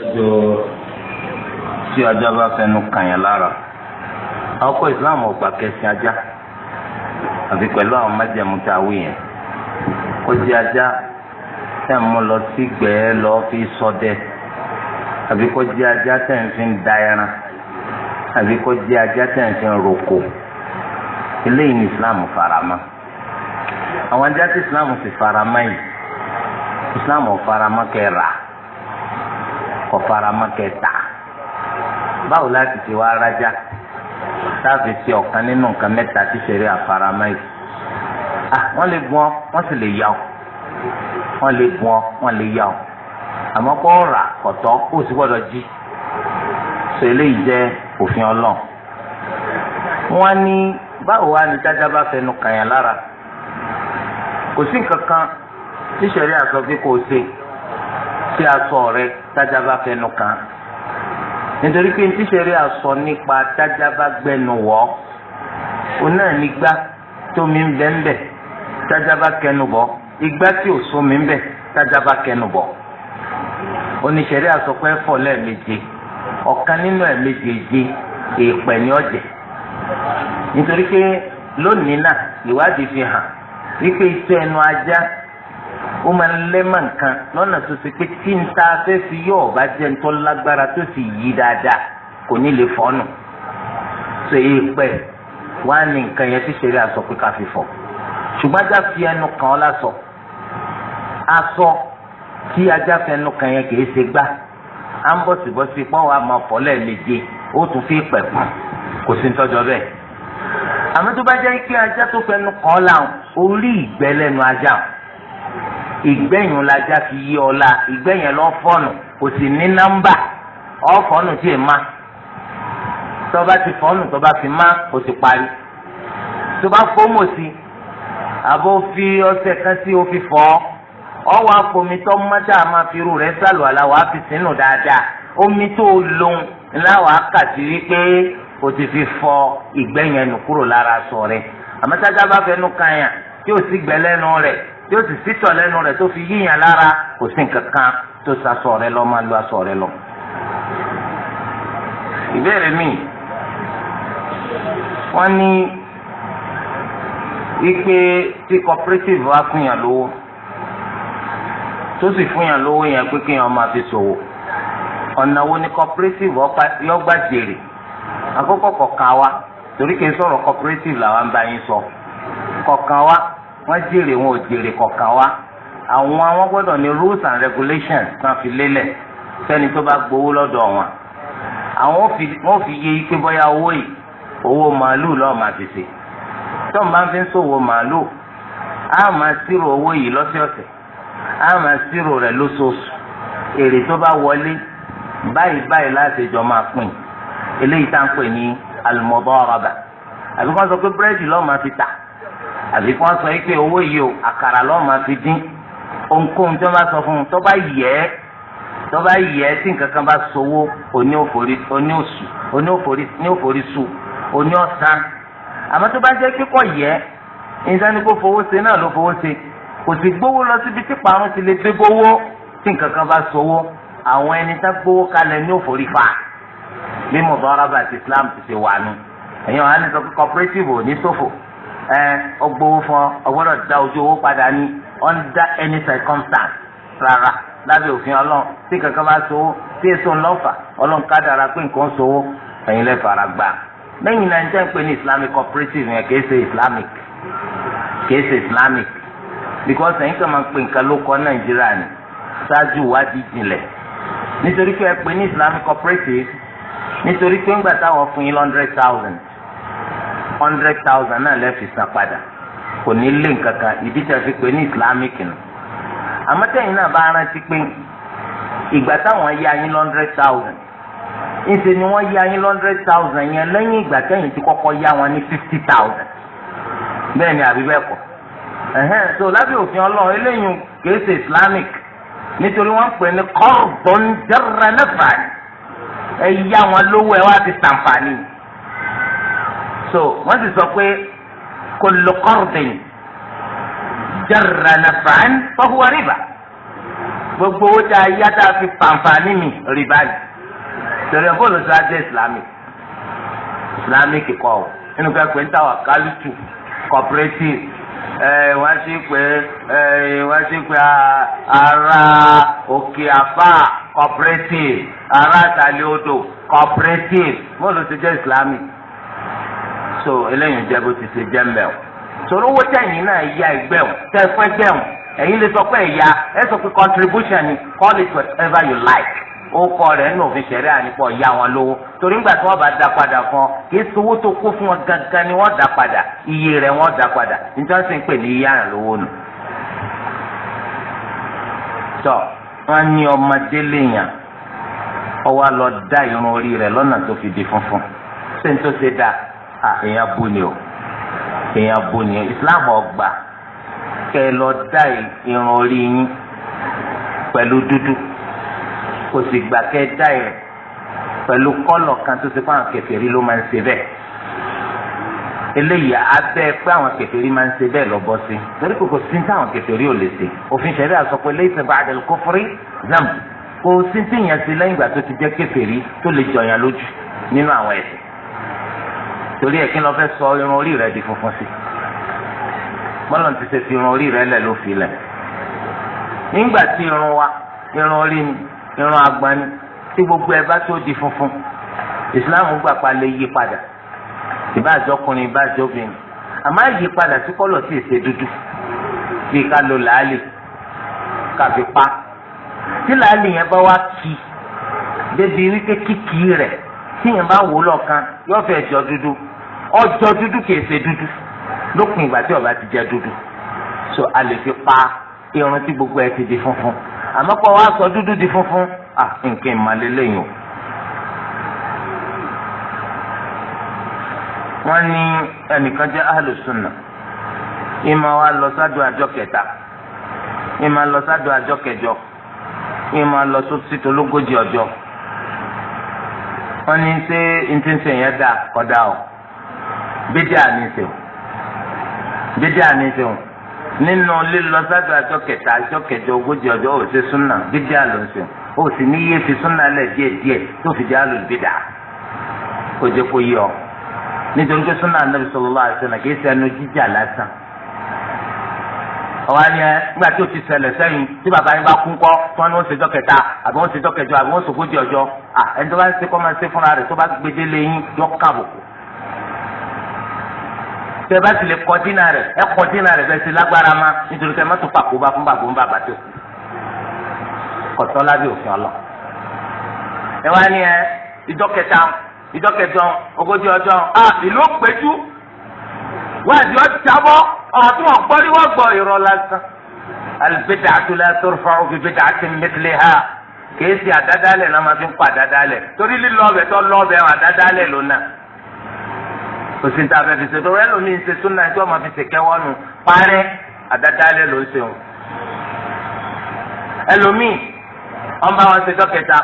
ẹjọ́ tí ajá bá fẹnu kàyàn lára ọkọ ìsìláàmù ọgbà kẹsìn ajá àti pẹ̀lú àwọn májẹ̀mú tá a ajá ń mú lọ sí lọ fi ṣọdẹ àbí kó ajá tẹ̀ ń fi da ẹran roko eléyìí ní ìsìláàmù farama àwọn ajá tí ìsìláàmù sì farama yìí ìsìláàmù farama ra. kò faramọ́ kẹta báwo láti ti wá rájá táàfin sí ọ̀kan nínú nǹkan mẹ́ta tí sẹ̀rí àfaramọ́ yìí wọ́n lè gun ọ wọ́n sì lè yá ọ wọ́n lè gun ọ wọ́n lè yá ọ àmọ́ kọ́ rà kọ̀tọ́ ó sì gbọ́dọ̀ jí sọ eléyìí jẹ́ òfin ọlọ́run wọ́n ní báwo wá ní dáadáa bá fẹnu kàn yàn lára kò sí nǹkan kan tí sẹ̀rí àsọ kò ṣe. sí a rẹ tájà fẹnu kàn nítorí pé ní tíṣẹ̀rí nípa gbẹnu wọ̀ ọ́ náà tómi ń bẹ́ ń bẹ̀ kẹnu bọ̀ tí ò sómi ń bẹ̀ kẹnu bọ̀ oníṣẹ̀rí pé fọ̀ ọ̀kan nínú èèpẹ̀ ọ̀jẹ̀ nítorí pé lónìí náà ìwádìí fi hàn wípé iṣẹ́ ó máa ń lẹ́mà nǹkan lọ́nà tó ṣe pé tí n ta fẹ́ fi yọ ọ̀bá jẹ́ ń tọ́ lágbára tó sì yí dáadáa kò ní lè fọ́nù ṣe é pẹ́ wá ní nǹkan yẹn tí ṣeré aṣọ pé ká fi fọ̀ ṣùgbọ́n ajá fi ẹnu kàn ọ́ lásọ aṣọ tí ajá fi ẹnu kàn yẹn kì ṣe gbá à ń bọ̀sibọ́sí pọ́n wa máa fọ̀ lẹ́ẹ̀méje ó tún fi pẹ̀ pọ̀ kò sí ń tọ́jọ́ bẹ́ẹ̀ àmọ́ tó bá jẹ́ pé ajá tó fẹnu kàn ọ́ ìgbẹ́yìn lajá fi yí ọla ìgbẹ́yìn lọ fọ́ọ̀nù kò sì ní nọ́mbà ọ tí ì má tọ́ba ti fọ́ọ̀nù tọ́ba fi má kò sì parí soba fọ́ọ̀mù sí àbó fi ọṣẹ kan sí o fi fọ́ ọwọ́ afomi tọ́ mọ́tà máa fi irú salụ sálù àlà fi sínú dáadáa omi o lòun o ti fi fọ ìgbẹ́yìn ẹnu kúrò lára sọ àmọ́tàjà bá fẹnu yàn o sì tí ó sì sítọ̀ lẹ́nu rẹ̀ tó fi yíyan lára kò sí nǹkan kan tó sasọ rẹ lọ máa lo aṣọ rẹ lọ. ìbéèrè mi wọ́n ní wípé tí cooperative wa fún yàn lówó tó sì fún yàn lówó yẹn pé kéèyàn máa fi ṣòwò ọ̀nà wo ni cooperative yọ gbà jèrè àkókò kọ̀ọ̀kan wa torí kì í sọ̀rọ̀ cooperative làwọn bá yín sọ kọ̀ọ̀kan wa wọ́n jèrè wọn ò jèrè kọ̀ọ̀kan wa àwọn àwọn gbọ́dọ̀ ní rules and regulations kan fi lélẹ̀ sẹ́ni tó bá gbowó lọ́dọ̀ wọn àwọn ò fi yé ike bọ́yá owó yìí owó màálùú lọ́ọ́ máa fi ṣe tọ́n bá ń fi ń ṣòwò màálùú á máa ṣírò owó yìí lọ́sọ̀ọ̀sẹ̀ á máa ṣírò rẹ̀ lóṣooṣù èrè tó bá wọlé báyìí báyìí láti jọ máa pín eléyìí tá à pè ní almudaraba àbíkọ́ sọ pé búrẹ́dì lọ́ọ́ máa fi tà àbí kí wọ́n sọ pé owó yìí o àkàrà lọ́ọ́ máa fi dín ohunkóhun tó bá sọ fún un tó bá yẹ ẹ́ tó bá yẹ ẹ́ tí nǹkan kan bá sowó oní òfòrí oní òsù oní òfòrí ní òfòrí sù oní ọ̀sán àmọ́ tó bá jẹ́ kíkọ́ yẹ ẹ́ níta ni kò fowó ṣe náà ló fowó ṣe kò sì gbówó lọ síbi tí parun ti lè dé gbówó tí nǹkan kan bá sowó àwọn ẹni tá gbówó kalẹ̀ ní òfòrí fà bí mọ̀tò arábà àti Islam ti ṣe wà nù ẹ̀yin ọ̀hánì sọ pé cooperative ò ní ṣòfò. ẹ ọgbowó ọ da ojú owó padà ní under any circumstance rárá lábẹ́ òfin ọlọ́run tí kankan bá sowó tí èso ńlọ́fà ọlọ́run ká dára pé nǹkan fara gbà náà islamic cooperative yẹn kìí islamic kìí islamic because ẹ̀yin kan máa ń pè nǹkan ló nàìjíríà ni ṣáájú ìwádìí nítorí pé ẹ islamic cooperative nítorí pé táwọn fún yín one hundred thousand hundred thousand náà lẹ́ẹ̀fi san padà kò ní lé nǹkankan ìdí tẹ̀ fi pé ní islamic nù àmọ́ tẹ̀yìn náà bá rántí pé ìgbà táwọn yá yín hundred thousand ńṣe ni wọ́n yá yín hundred thousand yẹn lẹ́yìn ìgbà tẹ̀yìn ti kọ́kọ́ yá wọn ní fifty thousand bẹ́ẹ̀ ni àbí bẹ́ẹ̀ kọ́ ẹ̀hẹ́n so lábẹ́ òfin ọlọ́run eléyìí kìí ṣe islamic nítorí wọ́n pè ní kọ́ọ̀bọ̀n jẹ́rẹ̀ lẹ́fà ẹ̀yà wọn lówó ẹ̀ wá ti sàǹfààní yìí so wọ́n sì sọ pé kullu qardin jarra naf'an fa huwa riba gbogbo owó tá a yá tá a fi pàǹfààní mi rìbá ni torí ẹ̀ bọ́ọ̀lù sọ adé islamic islamic kọ́ ọ nínú ká pé ń wà kálítù cooperative wọ́n sì pé wọ́n sì pé ara òkè àfà cooperative ara àtàlẹ́ odò cooperative bọ́ọ̀lù ti jẹ́ islamic so eléyìí jẹ́ bó ti ṣe jẹ́ mbẹ́ o sọ̀rọ̀ owó tẹ̀yìn náà ya ẹgbẹ́ o tẹ́ fẹ́ jẹ́ o ẹ̀yin lè sọ pé ẹ̀yà ẹ sọ pé contribution ni call it whatever you like ó kọ rẹ̀ nínú òfin ṣẹ̀rí ànípọ̀ ya wọn lówó torí ńgbà tí wọ́n bá da padà fún ọ kì í sowó tó kó fún wọn gangan ni wọ́n da padà iye rẹ̀ wọ́n da padà nítorí sì ń pè ní iye àrùn lówó nù. tọ́ wọ́n ní ọmọdé lèèyàn ọwọ́ lọ dá irun orí rẹ̀ lọ́nà tó fi di funfun ṣé n tó ṣe dáa èèyàn bú ni o èèyàn bú ni o islam ọgbà kẹ lọ dá irun orí yín pẹ̀lú dúdú kò sì gbà kẹ dá ẹ̀ pẹ̀lú kọ́lọ̀ kan tó ti fún àwọn kèfèrí ló máa ń ṣe bẹ́ẹ̀ eléyìí abẹ́ pé àwọn kèfèrí máa ń ṣe bẹ́ẹ̀ lọ bọ́ sí torí kò kò sí ní táwọn kèfèrí ò lè ṣe òfin ṣẹ̀rí àsọ pé lẹ́yìn ba'dal kufri zam kò sí ní tíyẹn ṣe lẹ́yìn ìgbà tó ti jẹ́ kèfèrí tó lè jọyàn lójú nínú àwọn ẹ̀ṣẹ̀ torí ẹ̀ kí ló fẹ́ sọ irun orí rẹ di funfun sí bọ́lá ti ṣe fi irun orí rẹ lẹ̀ ló fi lẹ̀ nígbà tí irun wa irun orí ni irun agba ni tí gbogbo ẹ bá tó di funfun Islam gbà pa lè yí padà ìbáàjọkùnrin ìbáàjọbìnrin àmọ́ yí padà sí kọ́lọ̀ tí ì ṣe dúdú bíi ká lo làálì kàfi pa tí làálì yẹn bá wá kí débi wípé kíkì rẹ̀ tí yẹn bá wò lọ́kàn yóò fẹ́ jọ dúdú ọjọ́ dúdú kìí ṣe dúdú lópin ìgbà tí ọba ti jẹ dúdú so a lè fi pa irun tí gbogbo ẹ ti di funfun àmọ́ pọ̀ wá sọ dúdú di funfun à nǹkan ìmàlélẹ́yìn o. wọ́n ní ẹnìkan jẹ́ ahlùsùnà ìmọ̀ wa lọ sádù àjọ kẹta ìmọ̀ lọ sádù àjọ kẹjọ ìmọ̀ lọ sítò lógójì ọjọ́ wọ́n ní ṣé ntí ń sèyàn dà kọ́dà o. bídíà ní se ṣe o bídíà o kẹta àjọ kẹjọ ogójì ọjọ́ ò ṣe suna bídíà ló o iye fi suna lẹ díẹ̀ díẹ̀ tó fi di alùbídà kó jẹ kó yí ọ nítorí pé súnà Ànábì sallallahu alaihi wasallam kìí ṣe jíjà lásán ọwọ ni nígbà tí o ti tí bàbá yín bá kún kọ wọn àbí wọn àbí wọn ẹni tó bá ń ṣe kọ́ máa ṣe fúnra tó bá yín yọ káàbùkù tẹ bá ti lè kọ dínà rẹ ẹ kọ dínà rẹ bẹ ti lágbára ma nítorí kẹ má tó pàkóbá fún bàbá ń bàbá tó kọtọ lábẹ òfin ọlọ. ẹ wá ní ẹ ìjọ kẹta ìjọ kẹjọ ogójì ọjọ́ a ìlú òpéjú wáàdì ọjàbọ ọtún ọgbọrí wọn gbọ ìrọ lásán alibeda atúlẹ sọrọfà òfìbeda àti mẹtìlẹ ha kèésì àdádálẹ náà máa fi ń pa àdádálẹ torí lílọ tó lọ ọbẹ àdádálẹ lónà kò sí níta fẹ́ fi ṣe torí ẹlòmíín ṣe súnà tí ọmọ fi ṣe kẹwọ́ nu parẹ́ àdádálẹ̀ ló ń ṣe wọn. ẹlòmíín wọ́n bá wọn ṣe jọ́ kẹta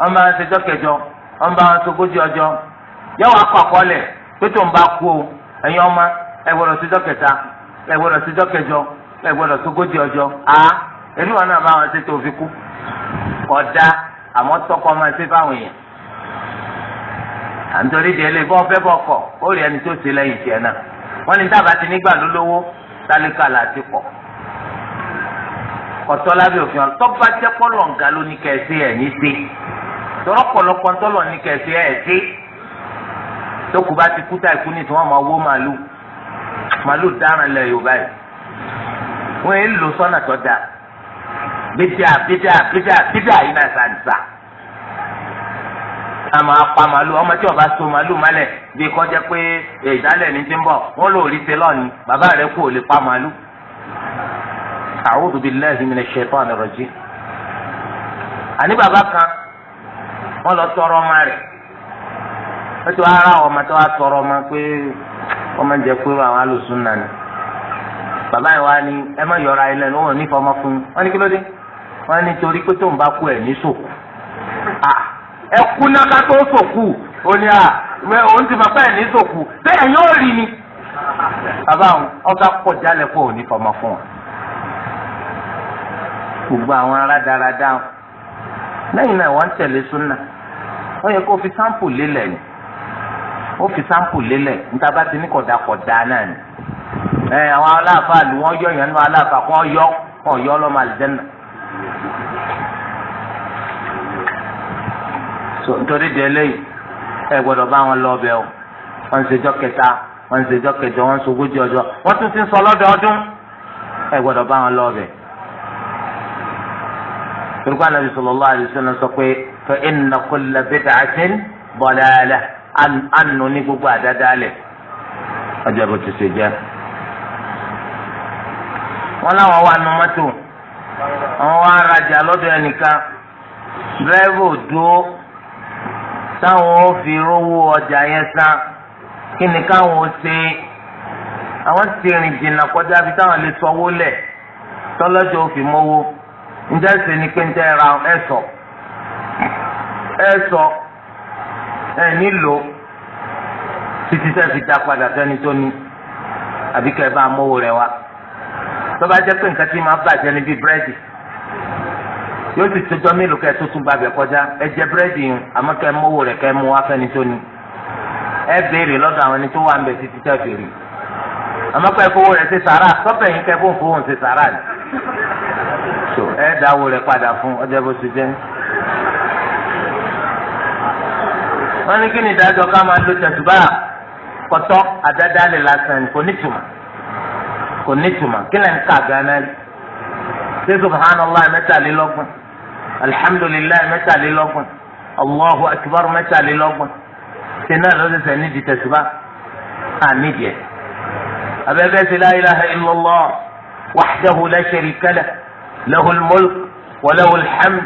wọ́n bá wọn ṣe jọ́ kẹjọ wọ́n bá wọn ṣe ogójì ọjọ́ yóò wá ń bá kú o ẹ̀yin ọmọ ẹ gbọ́dọ̀ ṣe kẹta ẹ gbọ́dọ̀ ṣe kẹjọ ẹ gbọ́dọ̀ ṣe ogójì a èmi wọn náà bá wọn ṣe tó fi kú kọjá àmọ́ tọkọ máa ṣe fáwọn èèyàn à ń torí di ẹlẹ́yìn bọ́ fẹ́ bọ́ kọ̀ ó rí ẹni tó ṣe lẹ́yìn tiẹ̀ náà wọ́n ní dábàá ti nígbà lólówó tálíkà láti pọ̀ kọ̀tọ́ lábẹ́ òfin ọ̀tọ́ bá jẹ́ pọ́lọ̀ ǹga ló ní kẹ̀sí ẹ̀ ní sí tọ́rọ pọ̀lọpọ̀ ntọ́lọ̀ ní kẹ̀sí ẹ̀ sí tókù bá ti kúta ìkú ní tí wọ́n máa wó màálù màálù dáràn lẹ̀ Yorùbá yìí wọ́n ń lò sọ́nà tó dáa bídà bídà bídà bídà yìí náà sàn a máa pa ọmọ tí ọba so màálù malẹ̀ bí kọjá pé eh, ìdálẹ̀ ní ti ń bọ̀ wọ́n lò rí ṣe lọ́ọ̀ni bàbá rẹ̀ kò lè pa màálù. àní bàbá kan wọ́n tọrọ ọmọ rẹ̀ wọ́n ara ọmọ tọrọ ọmọ pé ọmọ jẹ pé àwọn alùsùn nàní bàbá yìí wá ní ẹ má yọra wọn ò ní fọmọ fún un kí ló dé ẹkú náà ká tó sòkù ó ní à òun ti máa bẹ́ẹ̀ ní sòkù bẹ́ẹ̀ yóò rí ni. bàbá àwọn ọgá pọ̀ jálẹ̀ fún òní fọmọ fún ọ. gbogbo àwọn aráadáradá lẹ́yìn náà wọ́n ń tẹ̀lé súnà ó yẹ kó fi sáǹpù lélẹ̀ ni ó fi sáǹpù lélẹ̀ níta bá ti ní kọ̀dákọ̀dá náà ni. ẹ àwọn aláàfáà lù wọ́n yọ ìyànnú aláàfáà kọ́ yọ ọ̀yọ́ ọlọ́mọ àlùjẹ́nà. so nítorí délé ẹ bá wọn lọ bẹ̀ o wọ́n ń ṣèjọ́ kẹta wọ́n kẹjọ tún ti ń sọ ẹ bá wọn lọ turkwa sọ pé ní gbogbo bó ti ṣe wà nù wà rajà ẹnìkan dúró. táwọn ó fi rówó ọjà yẹn san kí ni káwọn ó ṣe àwọn ti rìn jìnnà kọjá bí táwọn lè sọwó lẹ̀ tọ́lọ́jọ́ ó fi mówó njẹ́ ṣe ni pé njẹ́ ra ẹ sọ ẹ sọ ẹ nílò títí sẹ́ fi dá padà sẹ́ni tó ní àbíkẹ́ bá mówó rẹ̀ wá tó jẹ́ pé nǹkan tí máa bàjẹ́ níbi búrẹ́dì. yóò sì tẹjọ́ mélòó kẹ́ẹ̀ tó tún bá bẹ̀ kọjá ẹ jẹ búrẹ́dì yìí àmọ́ kẹ́ mówó rẹ̀ wà ń títí fèrè àmọ́ kẹ́ fowó rẹ̀ ṣe sàrà sọ́pẹ̀ yín kẹ́ fóun fóun so ẹ dáwó padà fún ọjọ́ bó ṣe jẹ́ wọ́n ní kí ni ká máa lo alhamdulilayi mẹ́tàlélọ́gbọ̀n allahu akbar mẹ́tàlélọ́gbọ̀n sena lọ́sẹ̀sẹ̀ nídìí tẹ̀síbá ànídìí abẹ́bẹ́ sí la ilaha illallah wahdahu la sharika lah lahul mulk wa lahul hamd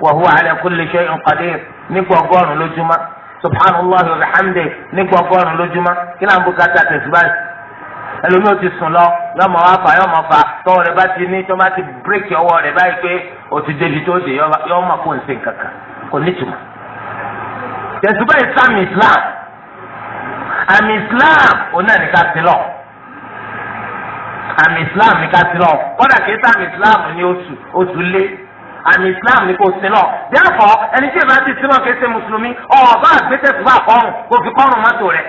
wa huwa ala kulli shay'in qadir ní gbọ̀ngàn lójúmọ́ subhanallah wa bihamdihi ní gbọ̀ngàn lójúmọ́ kí náà bukata tẹ̀síbá yìí ẹlòmíì ò ti sùn lọ yọmọ wa fa yọmọ fa tọwọ́ rẹ̀ bá ti ní tó bá ti bírèkì ọwọ́ rẹ̀ báyìí pé o ti débi tó dé yọmọ kó n ṣe kankan kò ní tùmọ̀. tẹ̀sùbá yìí sàmì islam àmì islam òun náà ní ká sí lọ àmì islam ní ká sí lọ kọ́dà kìí sàmì islam ní oṣù oṣù lé àmì islam ní kò sí lọ díẹ̀ fọ́ ẹni tí ìbá ti sí lọ kìí ṣe mùsùlùmí ọ̀ bá àgbẹ̀tẹ̀sùbá kọ́rùn kò fi kọ́rùn mọ́tò rẹ̀.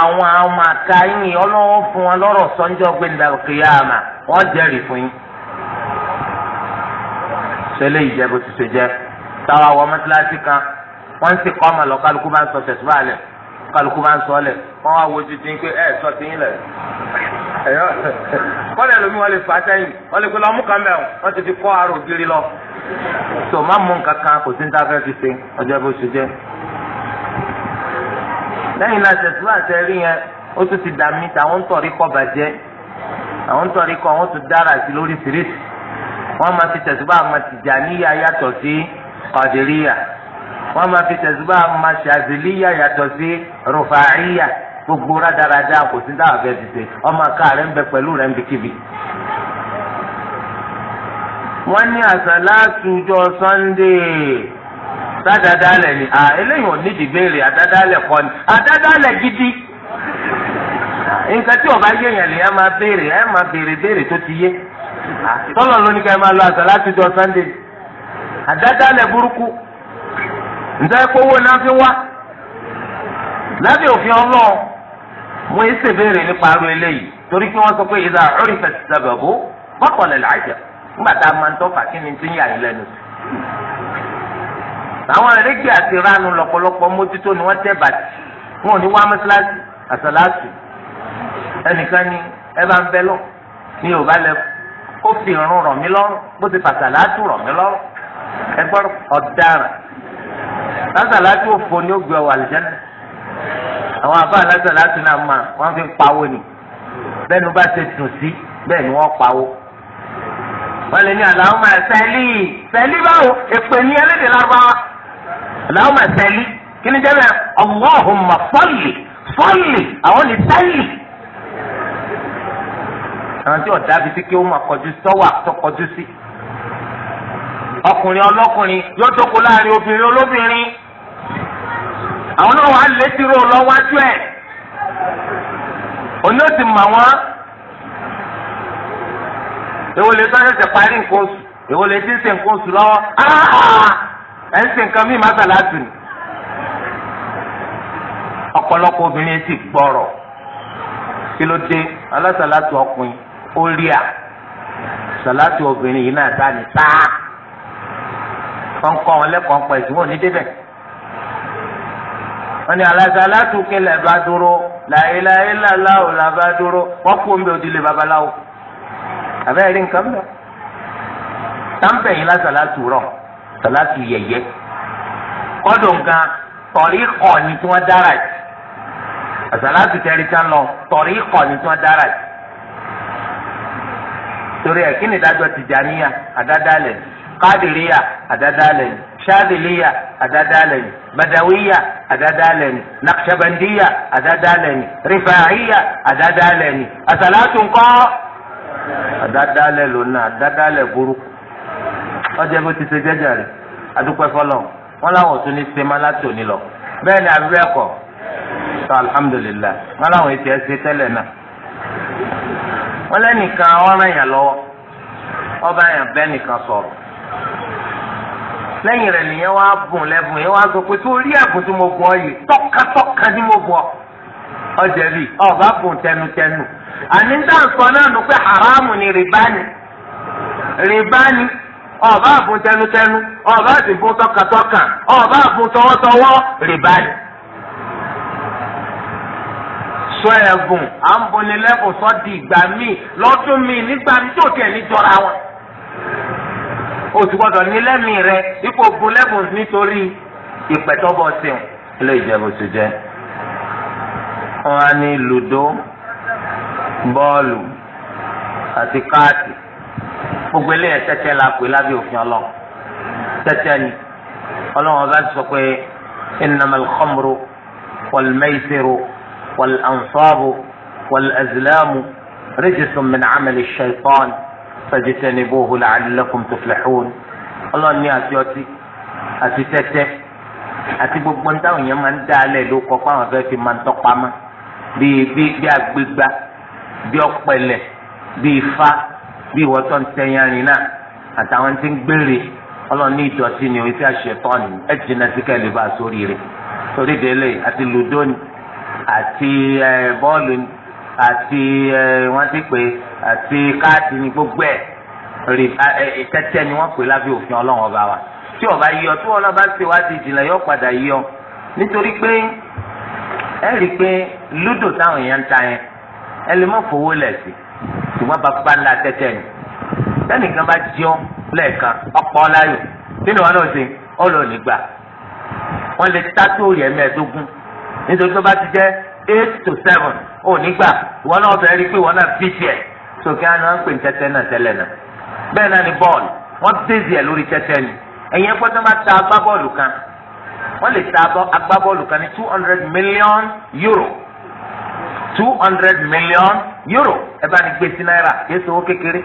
àwọn ọmọ àka yín ọlọ́wọ́ fún wọn lọ́rọ̀ sọ́njọ́ gbẹ̀ndà kìyàmà wọ́n jẹ́rìí fún yín. ìjẹ́ bó ti ṣe jẹ́ táwa wọ kan wọ́n ń kọ́ ọmọ lọ kálukú bá ń sọ lẹ̀ kálukú bá ń sọ lẹ̀ wọ́n wá wo títí pé ẹ̀ sọ ti yín lẹ̀. kọ́lẹ̀ lómi wọ́n lè fà sẹ́yìn wọ́n lè lẹ́yìn láti ẹ̀sùn láti ẹ̀rí yẹn ó tún ti dà mí tàwọn ń tọ̀rí kọ́ bàjẹ́ àwọn tọ̀rí kọ́ àwọn tún dára sí lórí wọ́n máa fi tẹ̀sùbá àmà tìjàníyà yàtọ̀ sí wọ́n máa fi yàtọ̀ sí gbogbo rádaràdà kò sí dáhà bẹ́ẹ̀ ọmọ aká ń bẹ pẹ̀lú ń wọ́n Sunday. sádàdàlẹ̀ ni a eléyìí ò nídìí béèrè àdàdàlẹ̀ kọ́ ni àdàdàlẹ̀ gidi nǹkan ọba yé yẹn lè ẹ máa béèrè ẹ máa béèrè béèrè tó ti yé tọ́lọ̀ ló ká ẹ máa lọ àṣà láti jọ Sunday àdàdàlẹ̀ burúkú náà fi wá lábẹ́ òfin mo ń ṣèbéèrè nípa aró eléyìí torí pé wọ́n sọ pé ìdá ọ̀rìfẹ̀ ti sábà bó a máa ń tọ́ ni ti àwọn àrégbè àti ranu lọ́pọ̀lọpọ̀ mójútó ni wọ́n tẹ́ bàtì wọn ò ní wá mọ́sálásí àsàlásì ẹnìkan ni ẹ bá ń bẹ lọ ní yorùbá lẹ́kọ̀ọ́ ó fi irun rọ̀ mí lọ́rùn bó ti fàsàlátù rọ̀ mí lọ́rùn ẹ ọ̀daràn lásàlátù òfò ni ó gbé ọwọ́ àlùjẹ́nà àwọn àbá lásàlátù náà mà wọ́n fi ń pawó ni bẹ́ẹ̀ ni bá ṣe dùn sí bẹ́ẹ̀ ni wọ́n pawó wọ́n lè ní àlàó máa sẹ́lí sẹ́lí báwo èpè ní ẹlẹ́dẹ̀ẹ́ lárúbáwá. Allahumma salli kí ni jẹ́ bẹ́ẹ̀ Allahumma salli salli àwọn ní salli. àwọn tí ọ̀dà bíi sí kí ó máa kọjú sọ́wọ́ àtọkọjú sí. ọkùnrin ọlọ́kùnrin yóò jókòó láàrin obìnrin olóbìnrin àwọn náà wàá lé tìró lọ́wájú ẹ̀ òní ó ti mọ̀ wọ́n èwo lè tọ́ ṣẹ̀ṣẹ̀ parí nǹkan oṣù èwo lè ti ṣe nǹkan oṣù lọ́wọ́ ẹ ń ṣe nǹkan bí màsàlásì ni ọ̀pọ̀lọpọ̀ obìnrin ti gbọ́rọ̀ kí ló dé alásàlátù ọkùnrin ó rí à sàlátù obìnrin yìí náà ta ni sáà wọn kọ́ wọn lẹ́kọ̀ọ́ pa ìdúró ní débẹ̀ wọ́n ní alásàlátù kílẹ̀ bá dúró làyíláyí làláwò là bá dúró wọ́n kú omi òdìlé babaláwo àbẹ́rẹ́ rí nǹkan mọ́ táǹpẹ̀yìn lásàlátù rọ̀ sọláàtù yẹyẹ kọ́dọ̀ nǹkan tọ̀rí kọ̀ ni tí wọ́n dára jù àsàlátù tẹ̀rí tán lọ tọ̀rí kọ̀ ni tí wọ́n dára jù torí ẹ̀ kí ni ìdájọ́ tìjàníyà àdádálẹ̀ kádìríyà àdádálẹ̀ ṣáàdìlíyà àdádálẹ̀ badawiya àdádálẹ̀ naqshabandiya àdádálẹ̀ rifaahiya àdádálẹ̀ àsàlátù ńkọ́ àdádálẹ̀ lónà àdádálẹ̀ burúkú. ọjọ́ bó ti ṣe jẹ́jẹ́ rẹ̀ adúpẹ́ wọn làwọn tún ní sèmá láti òní lọ bẹẹ ni àbí sọ alhamdulilayi wọn làwọn ètò ẹsẹ tẹlẹ náà wọn lẹ́nìkan ọ̀ràn yàn lọ́wọ́ ọba yàn bẹ́ẹ̀ nìkan sọ̀rọ̀ nìyẹn sọ pé tó rí tí mo yìí ni mo ọjà bíi ọba bùn tẹnutẹnu àní náà nù pé ni rìbá ni ọba àfún tẹnutẹnu ọba àti fún tọkàntọkàn ọba àfún tọwọ́tọwọ́ rìbá ni. sọ ẹ̀gùn à ń bọni lẹ́kùn sọ di ìgbà míì lọ́dún míì nígbà tí ò tiẹ̀ ní jọra wọn. o ti gbọdọ̀ ní lẹ́mìí rẹ ipò ogun lẹ́kùn nítorí ìpẹ̀tọ́bọ̀ sìn. ilé ìjẹ́bù ti jẹ́ wọn á ní lùdó bọ́ọ̀lù àti káàtì gbogbo eléyẹ tẹ́tẹ́ la pè lábẹ́ òfin ọlọ́run tẹ́tẹ́ ni ọlọ́run bá sọ pé innamal khamru wal maysiru wal ansabu wal azlamu rijsun min amali shaitan fajtanibuhu la'allakum tuflihun ọlọ́run ní àti ọtí àti tẹ́tẹ́ àti gbogbo ń táwọn èèyàn máa ń dá alẹ́ ló kọ́ fáwọn fẹ́ fi máa ń tọ́pamọ́ bíi bíi bíi agbégbá bíi ọ̀pẹ̀lẹ̀ bíi ifá bí ìwọ tó ń tẹyàn rìn náà àtàwọn tí ń gbére ọlọ́run ní ìdọ̀tí ni orí tí a ṣe tán ni ẹ jìnnà sí kẹ́lẹ́ bá a sórí rẹ̀ torí délé àti lùdó ni àti bọ́ọ̀lù ni àti wọ́n ti pè àti káàtì ni gbogbo ẹ̀ rí tẹ́tẹ́ ni wọ́n pè lábẹ́ òfin ọlọ́run ọba wa tí ọba yíyọ tí wọn bá ṣe wádìí ìjìnlẹ̀ yóò padà yíyọ nítorí pé ẹ rí i pé lúdò táwọn èèyàn ń ta yẹn ẹ lè má fowó lẹ̀ sí i ṣùgbọ́n bàbá ńlá tẹ́tẹ́ ni tẹ́nìkan bá jẹun lẹ́ẹ̀kan ọ̀pọ̀ ọláyò nínú wọn náà ṣe ọlọ́ọ̀lì gbà wọ́n lè ta tó yẹ mẹ́ẹ̀ẹ́dógún nítorí tó bá ti jẹ́ eight to seven ò ní gbà wọn náà fẹ́ rí pé wọn náà fi tiẹ̀ sókè àná ń pè tẹ́tẹ́ náà tẹ́lẹ̀ náà bẹ́ẹ̀ náà ni bọ́ọ̀lù wọ́n bèzì ẹ̀ lórí tẹ́tẹ́ ni ẹ̀yin ẹ̀kọ́ tó máa ta agbábọ́ọ̀lù kan wọ́n lè ta agbábọ́ọ̀lù kan ní two hundred million euro two hundred million euro ẹ bá ní gbé sí náírà kí èso owó kékeré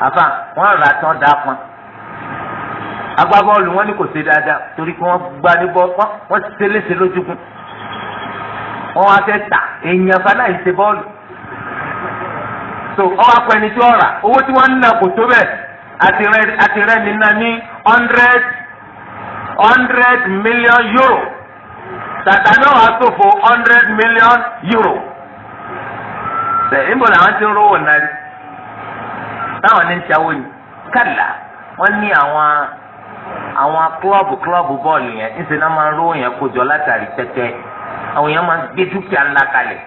àfa wọn rà tán dá pọn agbábọ́ọ̀lù wọn ni kò ṣe dáadáa torí pé wọ́n gbá ní bọ́ọ̀lù wọ́n ṣe léṣe lójúkun wọ́n wá fẹ́ tà èèyàn fana ìṣe bọ́ọ̀lù so ọwọ́ akọ ẹni tí ó rà owó tí wọ́n ń ná kò tó bẹ́ẹ̀ àti rẹ̀ ní ná ní hundred hundred million euro tàtà náà wàá ṣòfò hundred million euro bẹ́ẹ̀ níbo làwọn ti ń rówó náírà táwọn ní ń ṣàwó ni kàlà wọ́n ní àwọn àwọn kílọ̀bù kílọ̀bù bọ́ọ̀lù yẹn ńṣe náà máa ń rówó yẹn kójọ látàrí tẹ́tẹ́ àwọn yẹn máa ń gbé dúkìá ńlá kalẹ̀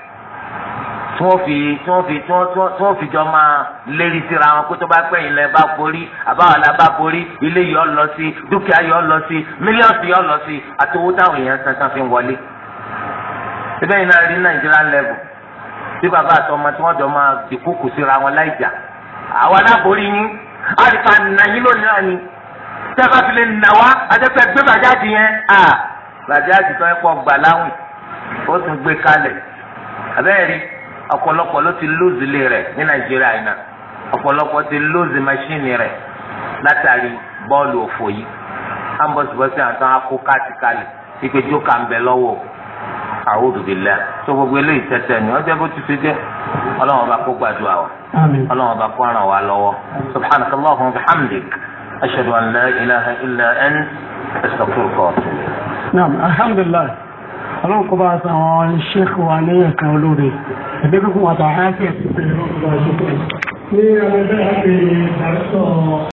tí wọ́n fi tí wọ́n fi tí wọ́n tí wọ́n fi jọ máa lérí síra wọn kó tó bá pẹ́yìn lẹ́ bá borí àbáwọn la bá borí ilé yọ lọ sí dúkìá yọ lọ sí mílíọ̀nù yọ lọ sí àtòwó táwọn èèyàn sansan fi wọlé. síbẹ̀ yìí náà rí nàìjíríà lẹ́bù tí bàbá àtọmọ tí wọ́n jọ máa dìkúkù síra wọn láì jà àwa láborí yín àdìpá nàyín lónìí náà ni tẹ́fà fi lè nà wá àtẹ́fẹ́ gbé bàjáde yẹn à bàjáde tó ń pọ̀ gbà láwìn ó tún gbé kalẹ̀ abẹ́rẹ́ ọ̀pọ̀lọpọ̀ ló ti lóòzì lé rẹ̀ ní nàìjíríà yìí náà ọ̀pọ̀lọpọ̀ ti lóòzì máṣíìnì rẹ̀ látàrí bọ́ọ̀lù òfò yìí ambọ̀sibọ́sí àtàwọn akó káàtì ìpèjọ́ kà ń bẹ lọ́wọ́ o a'udhu billah tó gbogbo eléyìí tẹ́tẹ́ ni ọjọ́ bó ti ṣe jẹ́ ọlọ́run bá kó gbàdúrà wa ọlọ́run bá kó ràn wá lọ́wọ́ subhanakallahumma wa bihamdik ashhadu an la ilaha illa ant astaghfiruka wa atubu ilayk. naam alhamdulilayi ọlọ́run kọ́ bá sọ àwọn sheikh wa ní ẹ̀ka olóore ẹ̀dẹ́ kúkú wà bá a ẹ̀ ní ọmọdé àti àrẹ́sọ̀